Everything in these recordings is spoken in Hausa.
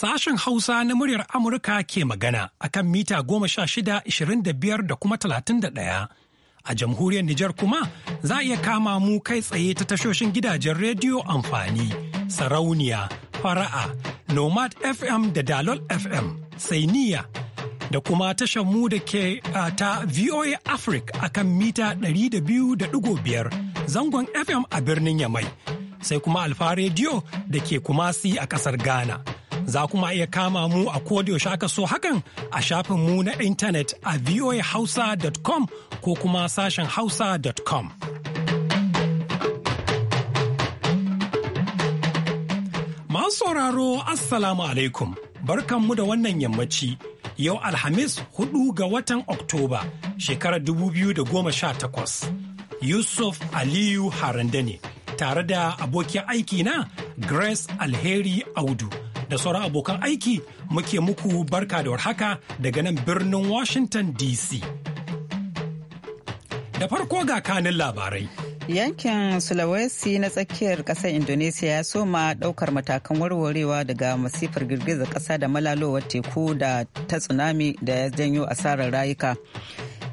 Sashen Hausa na muryar Amurka ke magana a kan mita goma sha shida ishirin da biyar da kuma talatin da ɗaya. A jamhuriyar Nijar kuma za a iya kama mu kai tsaye ta tashoshin gidajen rediyo amfani, sarauniya, fara'a, nomad FM da dalol FM, sainiya da kuma tashar mu da ke ta VOA Africa a kan mita 200.5 zangon FM a birnin Yamai. Sai kuma Alfa Rediyo da ke Kumasi a ƙasar Ghana. Za kuma iya kama mu a yaushe aka so hakan a shafin mu na intanet a voahausa.com ko kuma sashen hausa.com. Masu sauraro Assalamu alaikum, barkanmu da wannan yammaci yau Alhamis 4 ga watan Oktoba shekarar takwas Yusuf Aliyu Harande ne, tare da abokin aiki na Grace Alheri Audu. da sauran abokan aiki muke muku barka da warhaka daga nan birnin Washington DC. Da farko ga kanin labarai. Yankin Sulawesi na tsakiyar ƙasar Indonesia ya soma ɗaukar matakan warwarewa daga masifar girgizar ƙasa da malalowar teku da ta tsunami da ya janyo asarar rayuka.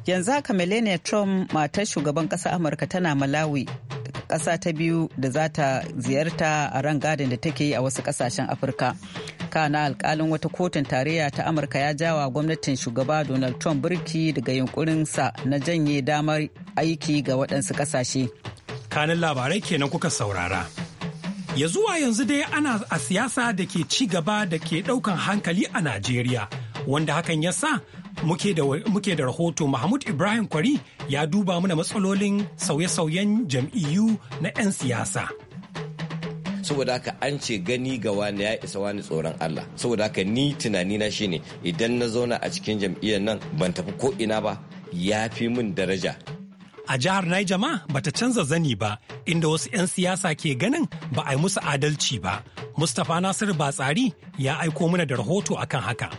Yanzu haka Melania Trump matar shugaban ƙasar Amurka tana Malawi ƙasa ta biyu da za ta ziyarta a ran gadin da take yi a wasu ƙasashen afirka kana alkalin wata kotun tarayya ta amurka ya jawa gwamnatin shugaba donald trump birki daga yunkurinsa na janye damar aiki ga waɗansu ƙasashe kanin labarai kenan kuka saurara ya zuwa yanzu dai ana a siyasa da ke ci gaba da ke ɗaukan hankali a najeriya wanda hakan ya sa muke da rahoto Mahmud Ibrahim Kwari ya duba mana matsalolin sauye-sauyen jam'iyyu na 'yan siyasa. saboda haka an ce gani ga wani ya isa wani tsoron Allah saboda haka ni tunani na shine idan na zauna a cikin jam'iyyar nan ban tafi ko ina ba ya fi min daraja a jihar Niger ma bata canza zani ba inda wasu 'yan siyasa ke ganin ba a yi musu adalci ba. Mustapha Nasiru Batsari ya aiko mana da rahoto akan haka.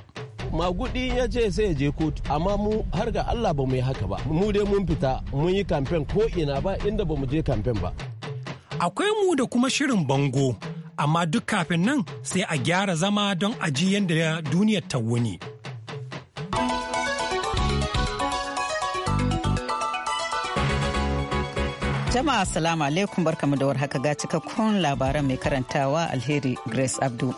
magudi ya ce sai je kotu amma mu har ga Allah ba mu yi haka ba mu dai mun fita mun yi kamfen ko ina ba inda ba mu je kamfen ba akwai mu da kuma shirin bango amma duk kafin nan sai a gyara zama don aji yadda duniyar ta wuni. Jama'a salama alaikum barkamu da warhaka ga cikakkun labaran mai karantawa alheri Grace abdul.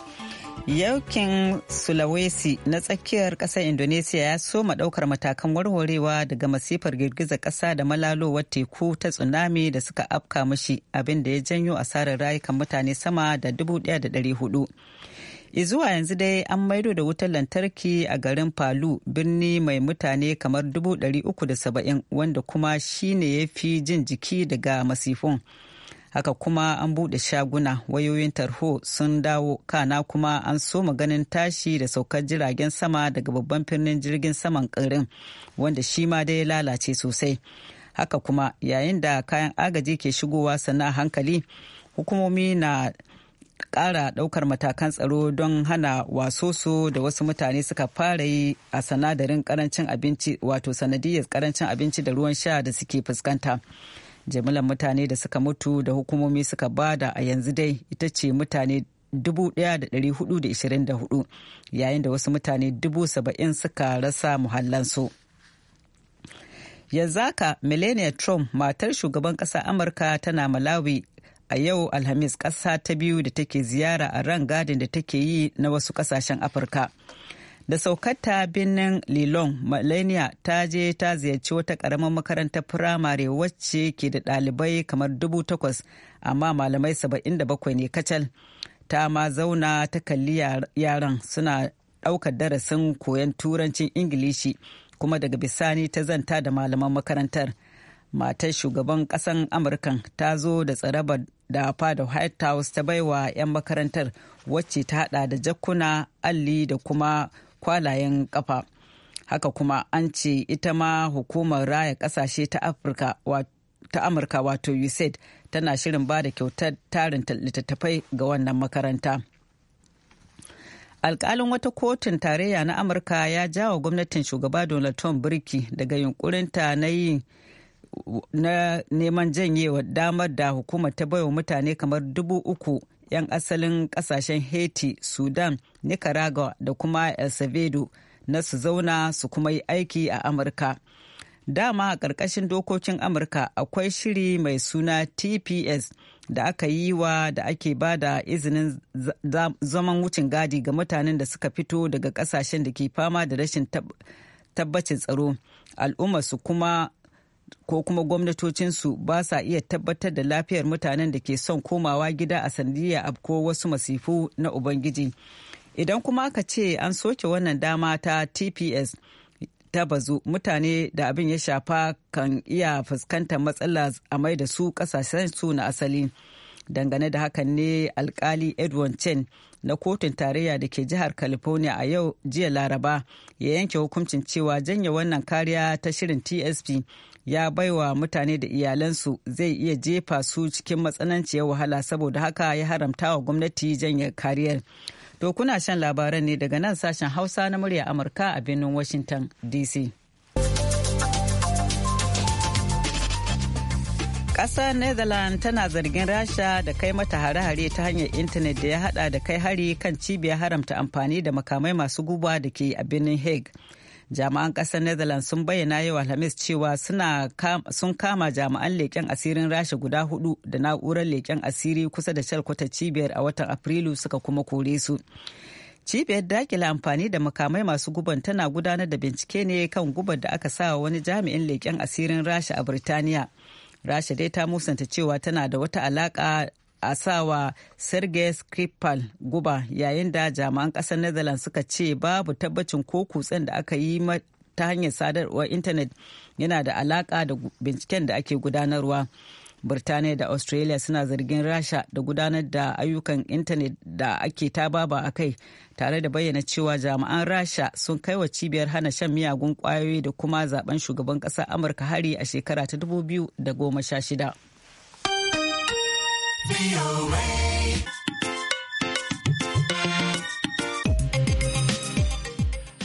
Yaukin Sulawesi na tsakiyar kasar indonesiya ya soma ɗaukar matakan warwarewa daga masifar girgizar kasa da malalowar teku ta tsunami da suka afka mashi abinda ya janyo asarar rayukan mutane sama da 1,400. Izuwa yanzu dai an maido da wutar lantarki a garin Palu birni mai mutane kamar 370 wanda kuma shine ya fi jin jiki daga masifun. haka kuma an buɗe shaguna wayoyin tarho sun dawo kana kuma an so maganin tashi da saukar jiragen sama daga babban birnin jirgin saman karin wanda shi ma dai lalace sosai haka kuma yayin da kayan agaji ke shigowa sana hankali hukumomi na ƙara ɗaukar matakan tsaro don hana wasosu da wasu mutane suka fara yi a sanadarin karancin abinci wato sanadiyar karancin abinci da ruwan sha da suke fuskanta. jimillar mutane da suka mutu da hukumomi suka bada a yanzu dai ita ce mutane 1,424 yayin da wasu mutane 70,000 suka rasa muhallansu. yanzu haka melania trump matar shugaban kasa amurka tana malawi a yau alhamis kasa ta biyu da take ziyara a ran gadin da take yi na wasu kasashen afirka da saukarta birnin lilong malenia ta je ta ziyarci wata karamar makarantar firamare wacce ke da ɗalibai kamar dubu takwas amma malamai saba'in da bakwai ne kacal ta ma zauna ta kalli yaran suna ɗaukar darasin koyon turancin ingilishi kuma daga bisani ta zanta da malaman makarantar matar shugaban kasan amurkan ta zo da tsarabar da fada white house ta baiwa 'yan makarantar wacce ta hada da jakuna alli da kuma kwalayen kafa haka kuma an ce ita ma hukumar raya kasashe ta afirka ta amurka wato usaid tana shirin ba da kyautar tarin littattafai ga wannan makaranta alkalin wata kotun tarayya na amurka ya jawa gwamnatin shugaba donald trump birki daga yunkurinta na yi na neman janyewa damar da hukumar ta baiwa mutane kamar dubu uku 'yan asalin kasashen haiti sudan nicaragua da kuma el salvador na su zauna su kuma yi aiki a amurka dama a ƙarƙashin dokokin amurka akwai shiri mai suna tps da aka yi wa da ake ba da izinin zaman wucin gadi ga mutanen da suka fito daga ƙasashen da ke fama da rashin tabbacin tsaro su kuma ko kuma gwamnatocinsu ba sa iya tabbatar da lafiyar mutanen da ke son komawa gida a sandiya ko wasu masifu na ubangiji idan kuma aka ce an soke wannan dama ta tps ta bazu mutane da abin ya shafa kan iya fuskantar matsala a mai da su kasashen su na asali dangane da hakan ne alkali edward chen na kotun tarayya da ke jihar california a yau jiya laraba ya yanke hukuncin cewa janye wannan kariya ta shirin tsp ya baiwa mutane da iyalansu zai iya jefa su cikin matsananciyar wahala saboda haka ya haramta wa gwamnati janye kariyar to kuna shan labaran ne daga nan sashen hausa na murya amurka a birnin washington dc Ƙasar Netherlands tana zargin Rasha da kai mata hare-hare ta hanyar intanet da ya hada da kai hari kan cibiyar haramta amfani da makamai masu guba da ke a birnin Hague. jami'an ƙasar netherlands sun bayyana yau alhamis cewa sun kama jami'an leƙen asirin rasha guda hudu da na'urar leƙen asiri kusa da shalkwata cibiyar a watan afrilu suka kuma kore su cibiyar dakila amfani da makamai masu guban tana gudanar da bincike ne kan gubar da aka sa wani jami'in leƙen asirin rasha a birtaniya rasha dai ta musanta cewa tana da wata alaka a sawa sergei skripal guba yayin da jami'an kasar netherlands suka ce babu tabbacin ko kutsen da aka yi ta hanyar sadarwar intanet yana da alaka da binciken da ake gudanarwa Birtaniya da Australia suna zargin Rasha da gudanar da ayyukan intanet da ake tababa a kai tare da bayyana cewa jami'an Rasha sun kai wa cibiyar hana shan miyagun kwayoyi da kuma zaben shugaban ƙasa Amurka hari a shekara ta 2016.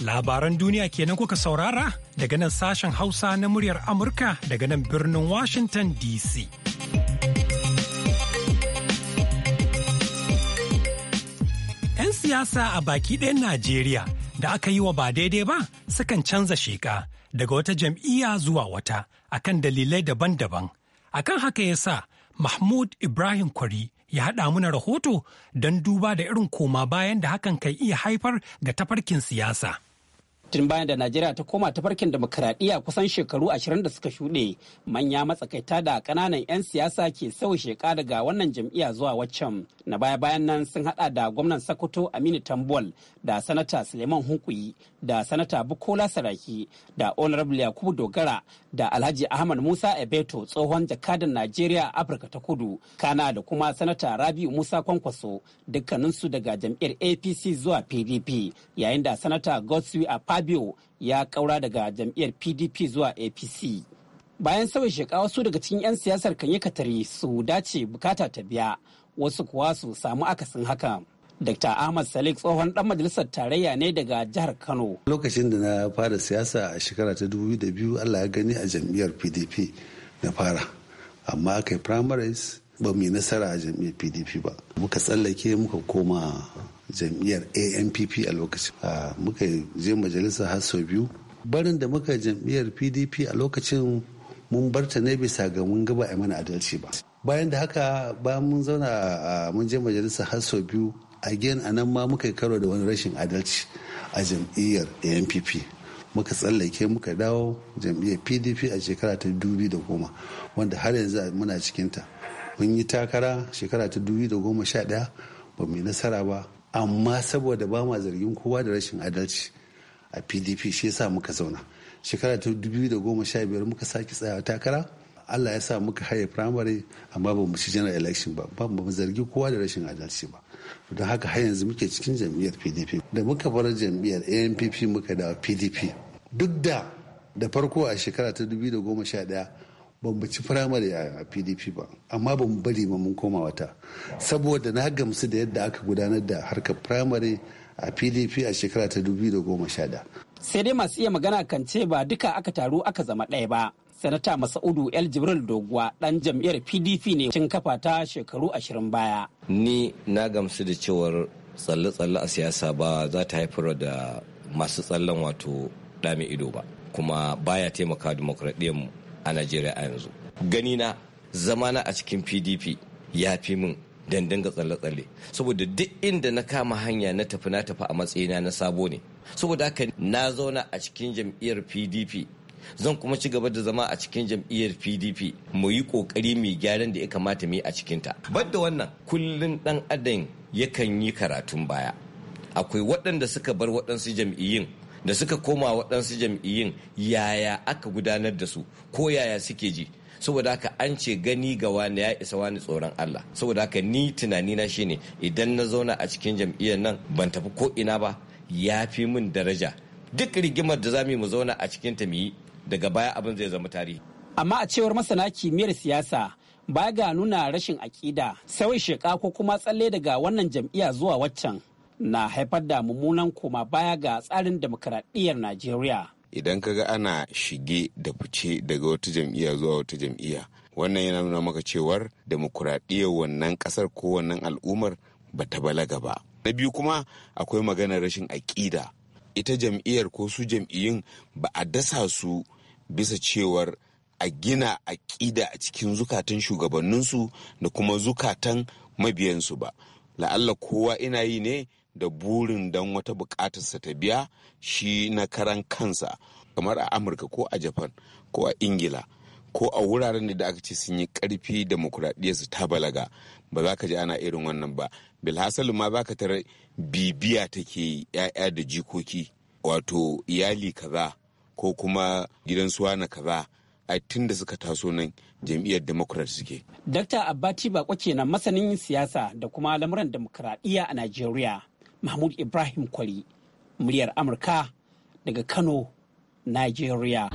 Labaran duniya kenan kuka saurara daga nan sashen Hausa na muryar Amurka daga nan birnin Washington DC. siyasa a baki ɗayan Najeriya da aka yi wa ba daidai ba sukan canza sheka daga wata jam'iyya zuwa wata akan dalilai daban-daban. Akan haka ya sa Mahmud Ibrahim Kwari ya haɗa mana rahoto don duba da irin koma bayan da hakan kan iya haifar ga tafarkin siyasa. tun bayan da najeriya ta koma ta tafarkin demokaradiyya kusan shekaru ashirin da suka shuɗe manya matsakaita da ƙananan 'yan siyasa ke sau sheka daga wannan jam'iyya zuwa waccan na baya bayan nan sun haɗa da gwamnan sokoto aminu tambol da sanata suleiman hunkuyi da sanata bukola saraki da honorable yakubu dogara da alhaji ahmad musa ebeto tsohon jakadan najeriya afirka ta kudu kana da kuma sanata Rabi musa kwankwaso dukkaninsu daga jam'iyyar apc zuwa pdp yayin da sanata godswill a Rabiu ya kaura daga jam'iyyar PDP zuwa APC. Bayan sauya sheka wasu daga cikin 'yan siyasar kan yi katari su dace bukata ta biya, wasu kuwa su samu akasin haka. Dr. Ahmad Salik tsohon dan majalisar tarayya ne daga jihar Kano. Lokacin da na fara siyasa a shekara ta 2002 Allah ya gani a jam'iyyar PDP na fara. Amma aka yi primaries ba mu yi nasara a jam'iyyar PDP ba. Muka tsallake muka koma jam'iyyar anpp a lokacin ah, muka je majalisa har sau biyu barin da muka jam'iyyar pdp a lokacin mun barta ne bisa ga mun gaba a mana adalci ba bayan da haka bayan mun zauna ah, mun je majalisa har sau biyu again a nan ma muka karo da wani rashin adalci a jam'iyyar anpp muka tsallake muka dawo jam'iyyar pdp a shekara ta dubi da goma wanda har yanzu muna cikinta mun yi takara shekara ta dubi da goma sha daya ba mu yi nasara ba amma saboda ba ma zargin kowa da rashin adalci a pdp shi yasa muka zauna shekara ta biyar muka sake tsayawa takara allah ya sa muka haye firamare amma ba mu ci general election ba ba mu zargi kowa da rashin adalci ba don haka har yanzu muke cikin jam'iyyar pdp da muka bar jam'iyyar anpp muka dawo pdp duk da da farko a shekara ta 2011 Ban mu firamare a pdp ba amma ban bari ba mun koma wata saboda na gamsu da yadda aka gudanar da harkar firamare a pdp a shekara ta da. sai dai masu iya magana kan ce ba duka aka taru aka zama ɗaya ba sanata masaudu el jibril doguwa ɗan jam'iyyar pdp ne cin kafa ta shekaru ashirin baya ni na gamsu da cewar tsalle-tsalle a siyasa ba za ta haifar da masu tsallen wato dami ido ba kuma baya taimaka mu a najeriya a yanzu Gani ganina zamana a cikin pdp ya fi min dandanga tsalle-tsalle saboda duk inda na kama hanya na tafi na tafi a matsayina na sabo ne saboda haka na zauna a cikin jam'iyyar pdp zan kuma ci gaba da zama a cikin jam'iyyar pdp mu yi kokari mai gyaran da ya kamata mu yi a cikinta da wannan kullum dan adam yakan yi karatun baya akwai waɗanda suka bar waɗansu jam'iyyun da suka koma waɗansu jam'iyyun yaya aka gudanar da su ko yaya suke ji saboda haka an ce gani ga wani ya isa wani tsoron Allah saboda haka ni tunani na shine idan na zauna a cikin jam'iyyar nan ban tafi ko ina ba ya fi min daraja duk rigimar da zamu mu zauna a cikin ta yi daga baya abin zai zama tarihi amma a cewar masana kimiyyar siyasa ba ga nuna rashin aƙida sai sheka ko kuma tsalle daga wannan jam'iyya zuwa waccan na haifar da mummunan koma baya ga tsarin demokaradiyyar Najeriya. Idan ka ga ana shige da fice daga wata jam'iyya zuwa wata jam'iyya, wannan yana nuna maka cewar demokuraɗiyyar wannan ƙasar ko wannan al'ummar ba ta balaga ba. Na biyu kuma akwai maganar rashin aƙida. Ita jam'iyyar ko su jam'iyyun ba a dasa su bisa cewar a gina aƙida a cikin zukatan shugabanninsu da kuma zukatan mabiyansu ba. La'alla kowa ina yi ne da burin don wata bukatarsa ta biya shi na karan kansa kamar a amurka ko a japan ko a ingila ko a wuraren da aka ce sun yi karfi su ta balaga ba za ka ji ana irin wannan ba bilhassalu ma za ka tara bibiya take yi 'ya'ya da jikoki wato iyali kaza ko kuma gidan suwana kaza a tun da suka taso nan jam'iyyar democrat suke. Dr. Abbati Bako kenan masanin siyasa da kuma lamuran demokuraɗiyya a Najeriya. mahmud ibrahim kwari muryar amurka daga kano nigeria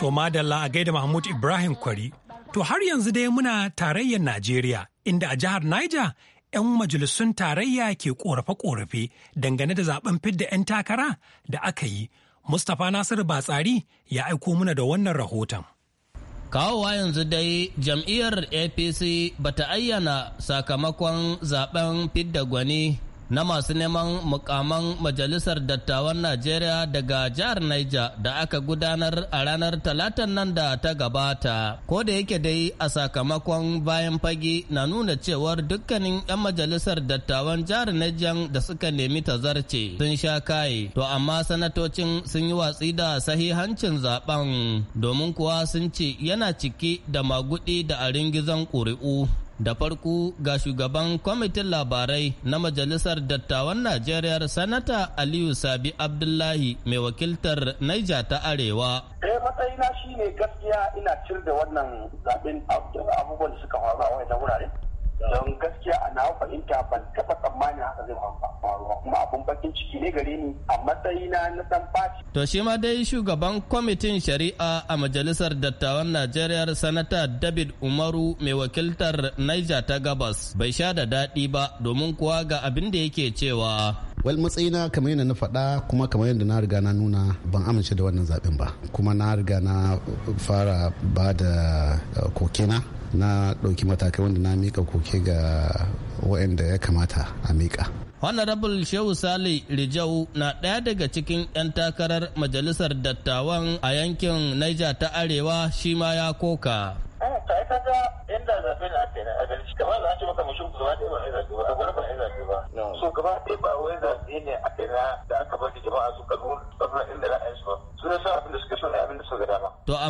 To madalla a gaida Mahmud Ibrahim Kwari. To har yanzu dai muna tarayyar Najeriya inda a jihar Niger 'yan majalisun tarayya ke korafe-korafe dangane da zaben fidda 'yan takara da aka yi. Mustapha Nasiru Batsari ya aiko muna da wannan rahoton. kawowa yanzu dai jam'iyyar apc bata ayyana sakamakon zaben fidda gwani na masu neman mukaman majalisar dattawan Najeriya daga jihar Niger da aka gudanar a ranar talatan nan da ta gabata. Ko da yake dai a sakamakon bayan fage na nuna cewar dukkanin 'yan majalisar dattawan jihar Niger da suka nemi ta zarce sun sha kaye. To amma sanatocin sun yi watsi da sahihancin zaben domin kuwa sun ce yana ciki da magudi da a ringizan ƙuri'u. Da farko ga shugaban kwamitin labarai na Majalisar Dattawan Najeriya Sanata Aliyu Sabi Abdullahi mai wakiltar Naija ta Arewa. Eh matsayina shine gaskiya ina cir da wannan zaben abubuwan da suka faru a wani wurare. don gaskiya a na fahimta ban taɓa tsammanin haka zai faruwa kuma abun bakin ciki ne gare ni a matsayina na san faci. To shi ma dai shugaban kwamitin shari'a a majalisar dattawan Najeriya sanata David Umaru mai wakiltar Niger ta gabas bai sha da daɗi ba domin kuwa ga abin da yake cewa. wal matsayina kamar yadda na faɗa kuma kamar yadda na riga na nuna ban amince da wannan zaɓen ba kuma na riga na fara ba da eh, kokena na ɗauki matakai wanda na mika koke ga waɗanda ya kamata a miƙa Honorable Shehu Sale Rijau na ɗaya daga cikin 'yan takarar majalisar dattawan a yankin Niger ta Arewa shi ma ya koka. Eh,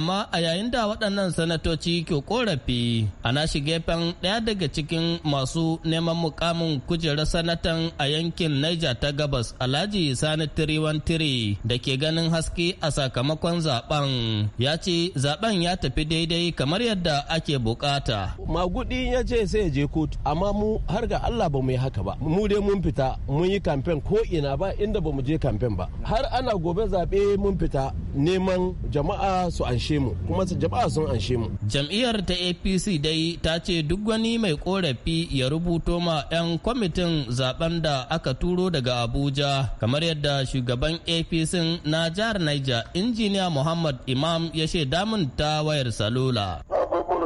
amma a yayin da waɗannan sanatoci ke korafi ana shi gefen daya daga cikin masu neman mukamin kujerar sanatan a yankin Niger ta gabas Alhaji Sani Tiriwantiri da ke ganin haske a sakamakon zaben ya ce zaben ya tafi daidai kamar yadda ake bukata. Magudi ya ce sai je kotu amma mu har ga Allah ba mu yi haka ba. Mu dai mun fita mun yi kamfen ko ina ba inda ba mu je kamfen ba. Har ana gobe zaɓe mun fita neman jama'a su anshe mu kuma jama'a sun anshe mu. Jam'iyyar ta APC dai yi ta ce duk wani mai korafi ya rubuto ma 'yan kwamitin zaben da aka turo daga abuja kamar yadda shugaban apc na jihar niger injiniya muhammad imam ya shaida min ta wayar salula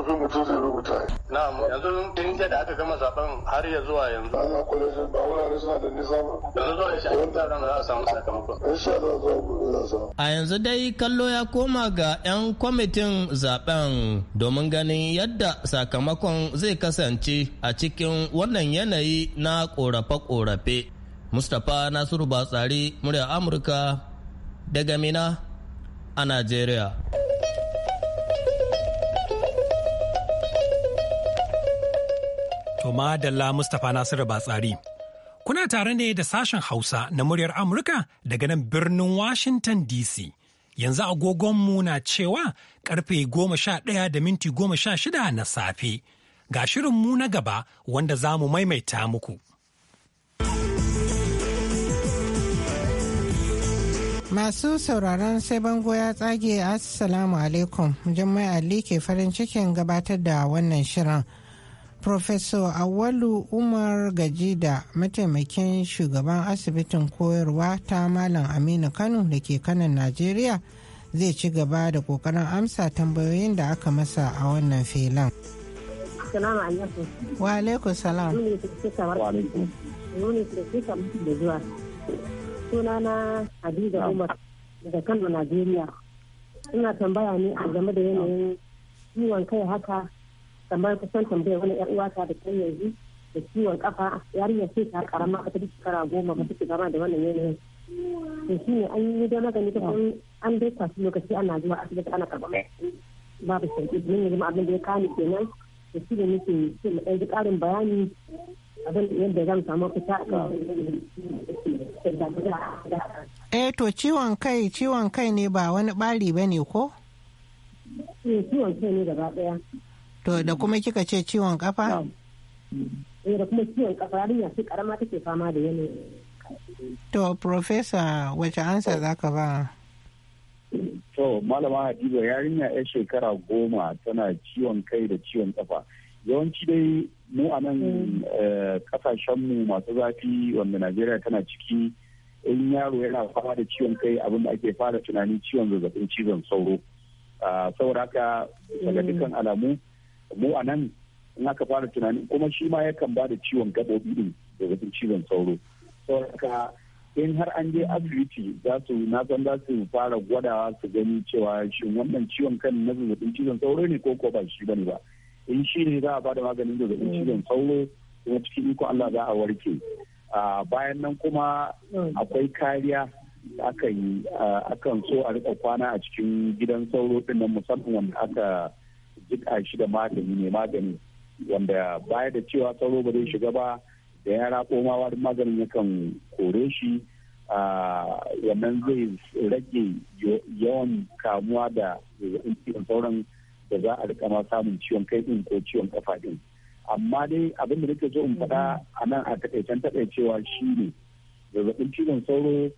ƙarfin mutum zai rubuta. Na'am yanzu tun da aka gama zaben har ya zuwa yanzu. Ana kwalejin ba wurare suna da nisa ba. Yanzu zuwa shi a taron za a samu sakamakon. Insha Allah za a samu. A yanzu dai kallo ya koma ga 'yan kwamitin zaben domin ganin yadda sakamakon zai kasance a cikin wannan yanayi na korafe-korafe. Mustapha Nasiru Batsari, murya Amurka daga Mina a Najeriya. To madalla Mustapha Nasiru Batsari. Kuna tare ne da sashen Hausa na muryar Amurka daga nan birnin Washington DC. Yanzu agogonmu na cewa karfe goma sha ɗaya da minti goma sha shida na safe. Ga shirin mu na gaba wanda za mu maimaita muku. Masu sauraron sai bango ya tsage Assalamu alaikum. Jummai Ali ke farin cikin gabatar da wannan shirin. Professor Awalu Umar Gajida mataimakin shugaban asibitin koyarwa ta Malam Aminu Kano da ke kanan Najeriya zai ci gaba da kokarin amsa tambayoyin da aka masa a wannan filan. Wa alaikum salam. Sunana Hadiza Umar daga Kano Najeriya. Ina tambaya ne a game da yanayin ciwon kai haka kamar kusan tambayar wani yar ta da kan yanzu da ciwon kafa yarinya ce ta karama ba ta bi kara goma ba ta gama da wannan yanayi to shi ne an yi da magani ta san an dai kwasu lokaci ana zuwa asibiti ana karɓar babu sauki domin ne ma abin da ya kani kenan to shi ne nake so mu ɗan ji ƙarin bayani abin yadda zan samu fita Eh to ciwon kai ciwon kai ne ba wani ɓari ba ne ko? Eh, ciwon kai ne gaba ɗaya. to da kuma kika ce ciwon kafa eh da kuma ciwon kafa yarinya sai karama take fama da yanayin to profesa wace ansa za ka ba to malama hadiza yarinya yar shekara goma tana ciwon kai da ciwon kafa yawanci dai mu a nan mm. eh, kasashenmu masu zafi wanda najeriya tana ciki in yaro yana fama da ciwon kai abin da ake fara tunani ciwon zazzabin cizon sauro ah, saboda haka daga mm. dukkan alamu mu a nan in aka fara tunanin kuma shi ma yakan ba da ciwon gaɓoɓi ɗin daga cizon sauro saboda in har an je asibiti za su na san za su fara gwadawa su gani cewa shin wannan ciwon kan na zazzabin cizon sauro ne ko ko ba shi bane ba in shi ne za a ba da maganin zazzabin mm. cizon sauro kuma cikin iko Allah za a warke bayan nan kuma mm. akwai kariya akan so a riƙa kwana a cikin gidan sauro ɗin nan musamman wanda aka jika shi da magani ne magani wanda baya da cewa sauro ba zai shiga ba da ya rako ma maganin yakan kore shi wannan zai rage yawan kamuwa da zazzabin cizon sauran da za a rika samun ciwon kai din ko ciwon kafa din amma dai abin da nake so in faɗa a nan a takaicen shi ne zazzabin cizon sauro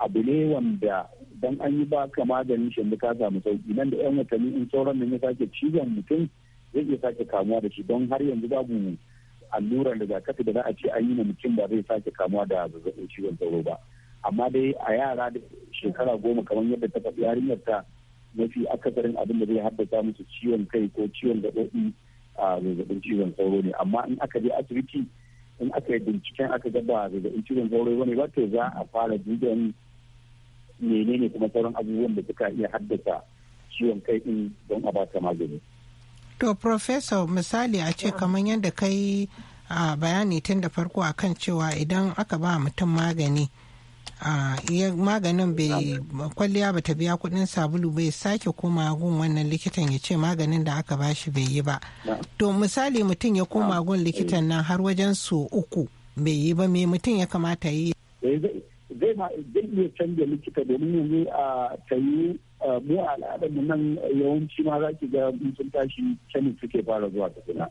abu ne wanda don an yi ba ka maganin shi ka samu sauki nan da yan watanni in sauran nan ya sake cizon mutum zai iya sake kamuwa da shi don har yanzu babu allurar rigakafi da za a ce an yi na mutum ba zai sake kamuwa da zazzabin cizon sauro ba amma dai a yara da shekara goma kamar yadda ta faɗi yarinyar ta mafi akasarin abin da zai haddasa musu ciwon kai ko ciwon gaɓoɓi a zazzabin cizon sauro ne amma in aka je asibiti in aka yi binciken aka gaba da zazzabin cizon sauro wani ba to za a fara duban menene kuma sauran abubuwan da suka iya haddasa ciwon kai din don a ba ta magani. To Professor misali a ce kamar yadda kai a ah, bayani tun da farko akan cewa idan aka ba mutum magani maganin bai kwalliya ba ta biya kudin sabulu bai sake koma gun wannan likitan ya ce maganin da aka bashi bai yi ba to misali mutum ya koma gun likitan nan har wajen su uku bai yi ba me mutum ya kamata yi eh, zai ma zai iya canja likita domin yanzu a tayi mu al'adar nan yawanci ma za ki ga sun tashi kemis suke fara zuwa suna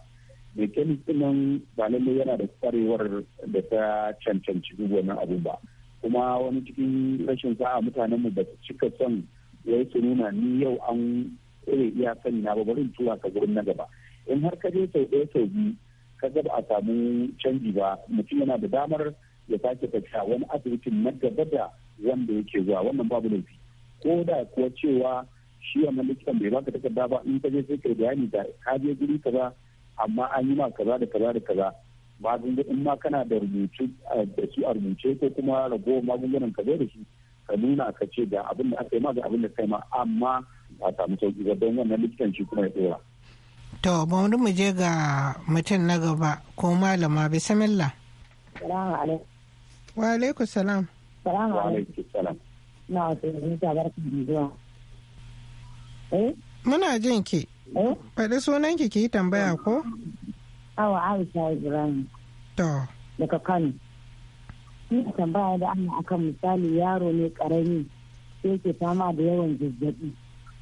mai kemis nan ba lallai yana da kwarewar da ta cancanci duk wannan abu ba kuma wani cikin rashin sa'a mutanenmu mu su cika son ya su nuna ni yau an tsere iya na ba barin tura ka gurin na gaba in har ka je sau ɗaya sau biyu ka ga ba a samu canji ba mutum yana da damar ya sake tafiya wani asibitin na gaba da wanda yake zuwa wannan babu laifi ko da kuwa cewa shi wannan likitan bai baka takarda ba in ka je sai ka bayani da ka je guri kaza amma an yi ma kaza da kaza da kaza magunguna in ma kana da rubutu da su a rubuce ko kuma ragowar magungunan ka zai da su ka nuna ka ce ga abin da aka yi ma ga abin da ka yi ma amma ba samu sauki ba don wannan likitan shi kuma ya tsira. To, wani mu je ga mutum na gaba ko malama bismillah. Salamu alaikum. Wa alaikum salam. Salamu alaikum. salam. Na yanzu ta bar Muna jin ki. Eh? Faɗi sunan ki ki tambaya ko? awa aisha ibrahim daga kano ina tambaya da ana akan misali yaro ne karami sai ke fama da yawan zazzabi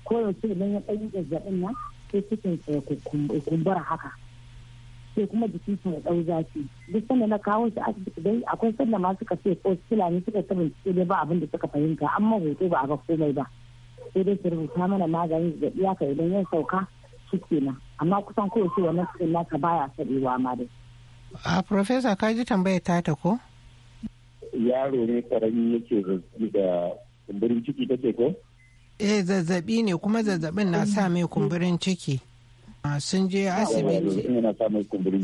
ko yaushe idan ya ɗanyi zazzabin nan sai cikin sa ya kumbura haka sai kuma jikin sa ya ɗau zafi duk sanda na kawo shi asibiti dai akwai sanda ma suka ce ko fulani suka ta bincike dai ba abin da suka fahimta amma hoto ba a ga komai ba sai dai su rubuta mana maganin zazzabi haka idan ya sauka shi kenan amma kusan kowace wani cikin naka baya saɗewa ma dai. a professor ka ji tambayar tata ko? yaro ne karami yake zazzabi da kumburin ciki take ko? eh zazzabi ne kuma zazzabin na sa mai kumburin ciki ah, sun je asibiti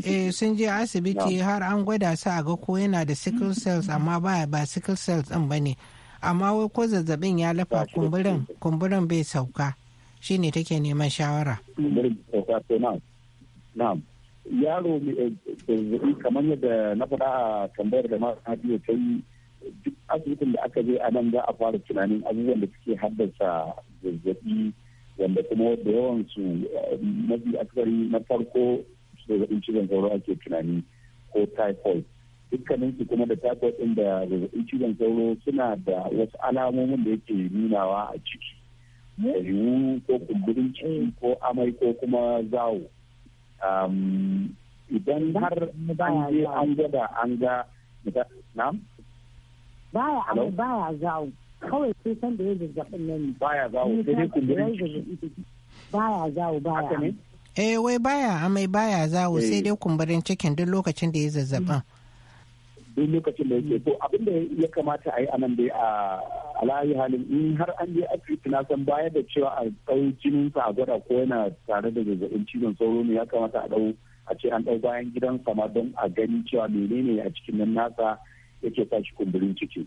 eh sun je asibiti har an gwada su a ga ko yana da sickle cells amma baya ba sickle cells din bane amma wai ko zazzabin ya lafa kumburin kumburin bai sauka shi ne take neman shawara. yaro zazzabi eh, eh, kamar yadda na faɗa a tambayar da masu hadiyo ta yi duk asibitin da aka je a nan za a fara tunanin abubuwan da suke haddasa zazzabi wanda kuma da yawan su eh, mafi akasari na farko zazzabin cizon sauro ake tunani ko typhoid dukkanin su kuma da typhoid din da zazzabin cizon sauro suna da wasu alamomin da yake nunawa a ciki yiwu ko kumburin cikin eh. ko amai ko kuma zawo um, idan har an je an gwada an ga na? baya amai baya zawo kawai sai san da ya zazzabin nan baya zawo sai dai kumburin ciki baya zawo baya amai eh wai baya amai baya zawo eh. sai dai kumburin cikin duk lokacin da ya zazzabin duk lokacin da yake ko abin da ya kamata a yi anan dai a alayi halin in har an je asibiti na san baya da cewa a ɗau jinin a gwada ko yana tare da zazzabin cizon sauro ne ya kamata a ɗau a ce an ɗau bayan gidan sama don a gani cewa menene a cikin nan nasa yake sa shi kumburin ciki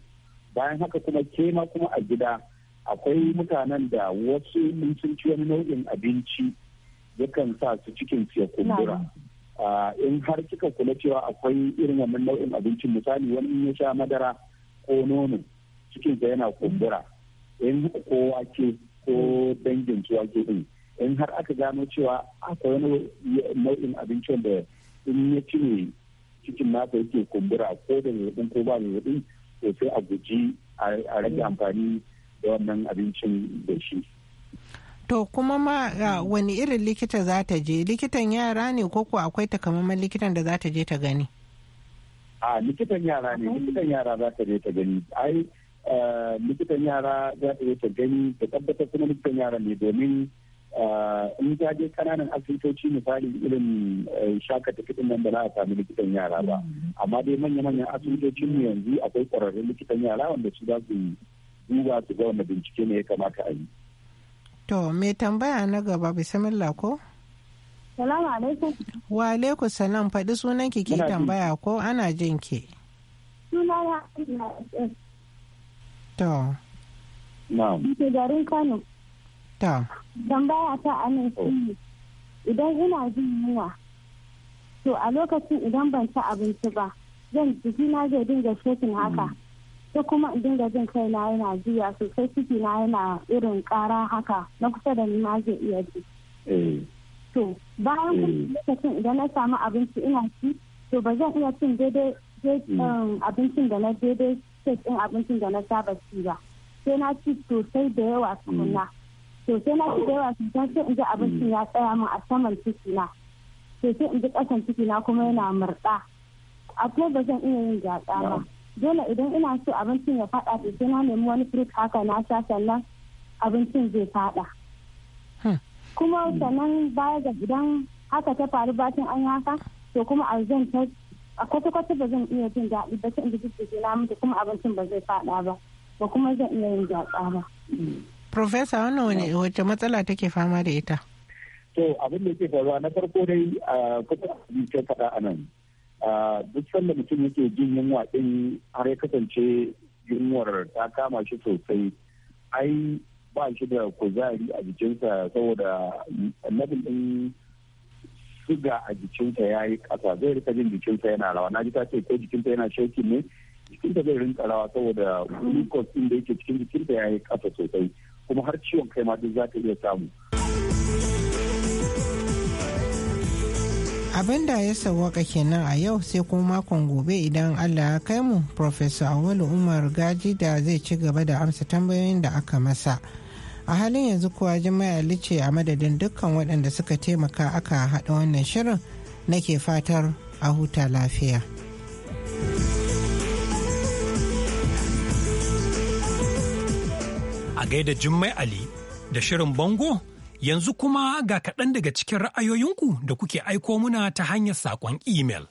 bayan haka kuma kema kuma a gida akwai mutanen da wasu sun ci wani nau'in abinci yakan sa su cikin su ya kumbura Ah, in har kika kula cewa akwai irin wannan nau'in abincin misali wani in ya sha madara ko nono sa yana kumbura in ko wake ko dangin su wake din in har aka gano cewa akwai wani nau'in abinci da in ya cire cikin nasa yake kumbura ko da zazzabin ko ba zazzabin to sai a guji a rage amfani da wannan abincin da shi. To kuma ma uh, wani irin likita za ta je likitan yara ne ko ko akwai takamaiman likitan da za ta je ta gani? A likitan yara ne likitan yara za ta je ta gani. Ai likitan yara za ta je ta gani da tabbatar kuma likitan yara ne domin in ta je kananan asibitoci misali irin shaka tikitin nan da za a sami likitan yara ba amma dai manya-manyan asibitocin mu yanzu akwai kwararrun likitan yara wanda su za su duba su ga wanda bincike ne ya kamata a yi To, me tambaya na gaba bismillah ko? Salamu alaikum. Wa alaikum salam faɗi sunan ki ki tambaya ko ana jin ki. Sunana To. Na'am. garin Kano. To. Tambaya ta anan shi idan ina jin yunwa. To a lokacin idan ban ci abinci ba, zan na zai dinga shekin haka. sai kuma in dinga jin na yana jiya sosai ciki na yana irin kara haka na kusa da ni ma zai iya ji eh. to bayan eh. lokacin idan na samu abinci ina ci to ba zan iya cin daidai mm. um, abincin da na daidai set din abincin da na saba ci ba sai na ci sosai da yawa mm. tukunna to sai na ci da yawa sosai sai in ji abincin mm. ya tsaya min a saman ciki na to sai in ji kasan ciki na kuma yana murɗa akwai ba zan iya yin gyaɗa ba dole idan ina so abincin ya fada da sai na nemi wani fruit haka na sha sannan abincin zai fada hmm. kuma sannan baya ga idan haka ta faru bakin an haka to kuma a zan ta a kwata-kwata ba zan iya jin daɗi ba sai in ji na mutu kuma abincin ba zai fada ba ba kuma zan iya yin gyatsa ba. Profesa wannan wani wacce matsala take fama da ita? To abin da ke faruwa na farko dai a kusa abin faɗa a nan duk sanda mutum yake jin yunwa din har ya kasance yunwar ta kama shi sosai ai ba shi da kuzari a jikinsa saboda nabin din suga a jikinsa ya yi ƙasa zai rika jin jikinsa yana rawa na ji ta ce ko jikinsa yana shauki ne jikinsa zai rinka rawa saboda glucose din da yake cikin jikinsa ya yi ƙasa sosai kuma har ciwon kai ma duk za ka iya samu. abin da ya sawaka kenan a yau sai kuma makon gobe idan allah ya kai mu professor awalu umar gaji da zai ci gaba da amsa tambayoyin da aka masa a halin yanzu kuwa jimai lice a madadin dukkan waɗanda suka taimaka aka haɗa wannan shirin nake fatar a huta lafiya a gaida jimai ali da shirin bango Yanzu kuma ga kaɗan daga cikin ra'ayoyinku da kuke aiko muna ta hanyar saƙon imel.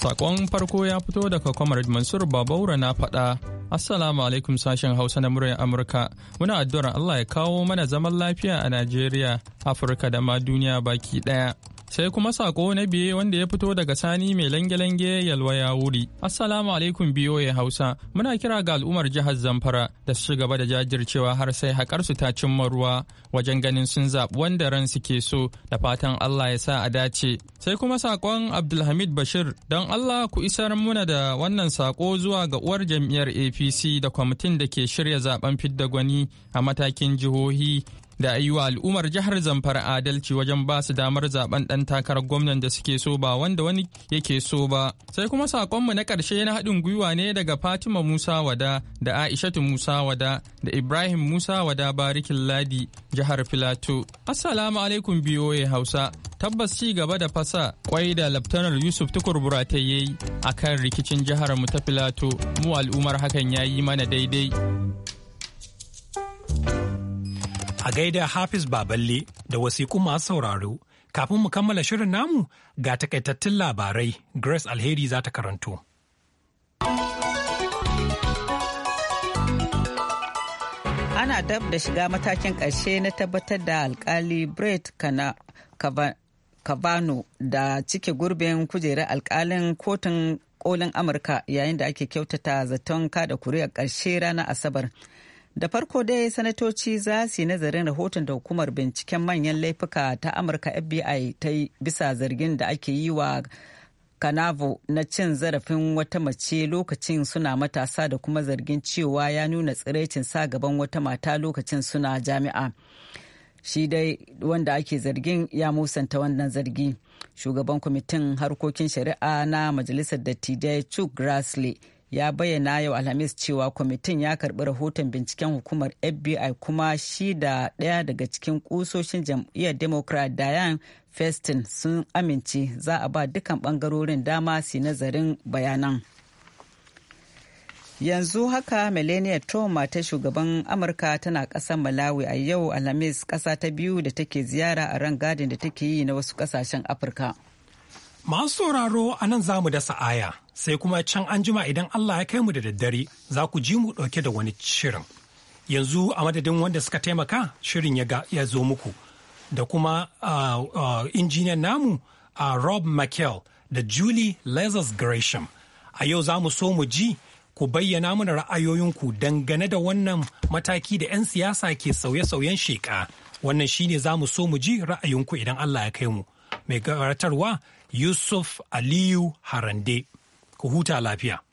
Saƙon farko ya fito daga Comrade Mansur Babaura na faɗa. Assalamu alaikum sashen Hausa na muryar Amurka. Muna addu'ar Allah ya kawo mana zaman lafiya a Najeriya, Afirka da ma duniya baki ɗaya. Sai kuma sako na biye wanda ya fito daga Sani mai lange-lange yalwa ya wuri. Assalamu alaikum ya Hausa. Muna kira ga al'ummar jihar Zamfara da su gaba da jajircewa har sai haƙarsu ta cimma ruwa wajen ganin sun zaɓi wanda ran suke so da fatan Allah ya sa a dace. Sai kuma sakon Abdulhamid Bashir don Allah ku isar muna da wannan sako zuwa ga uwar jam'iyyar APC da kwamitin da ke shirya zaben fidda gwani a matakin jihohi da a yi wa al'ummar jihar zamfara adalci wajen ba su damar zaben dan takarar gwamnan da suke so ba wanda wani yake so ba sai kuma sakonmu na ƙarshe na haɗin gwiwa ne daga fatima musa wada da aishatu musa wada da ibrahim musa wada barikin ladi jihar filato assalamu alaikum boa hausa tabbas ci gaba da fasa kwai da laftanar yusuf tukur yi yayi akan rikicin jihar mu ta filato mu al'ummar hakan ya yi mana daidai A gaida Hafiz Baballe da wasiƙu masu sauraro, kafin mu kammala shirin namu ga takaitattun labarai Grace Alheri za ta karanto. Ana dab da shiga matakin ƙarshe na tabbatar da alkali Brett kavano da cike gurbin kujerar alkalin kotun kolin Amurka yayin da ake kyautata zaton kada kuri'ar ƙarshe ranar Asabar. Da farko dai sanatoci za su yi nazarin rahoton da hukumar binciken manyan laifuka ta Amurka FBI ta yi bisa zargin da ake yi wa Kanavo na cin zarafin wata mace lokacin suna matasa da kuma zargin cewa ya nuna tsiraicin sa gaban wata mata lokacin suna jami'a. Shi dai wanda ake zargin ya musanta wannan zargi. Shugaban kwamitin harkokin shari'a na Majalisar Dattijai Chuck Grassley ya bayyana yau alhamis cewa kwamitin ya karbi rahoton binciken hukumar fbi kuma shi da ɗaya daga cikin kusoshin jam'iyyar democrat diane festin sun amince za a ba dukkan bangarorin dama su nazarin bayanan yanzu haka melania trump ta shugaban amurka tana ƙasar malawi a yau alhamis ƙasa ta biyu da take ziyara a ran gadin da take yi na wasu ƙasashen afirka masu sauraro a nan za mu dasa aya sai kuma can anjima idan Allah ya kai mu da daddare za ku ji mu ɗauke da wani shirin. Yanzu a madadin wanda suka taimaka shirin ya zo muku da kuma injiniyan namu a Rob Mikel da Julie Lazarus Gresham. A yau za mu so mu ji ku bayyana mana ra'ayoyinku dangane da wannan mataki da 'yan siyasa ke sauye-sauyen sheƙa. Wannan shine za mu so mu ji ra'ayinku idan Allah ya kai mu. Mai garatarwa Yusuf Aliyu Harande. ku huta lafiya.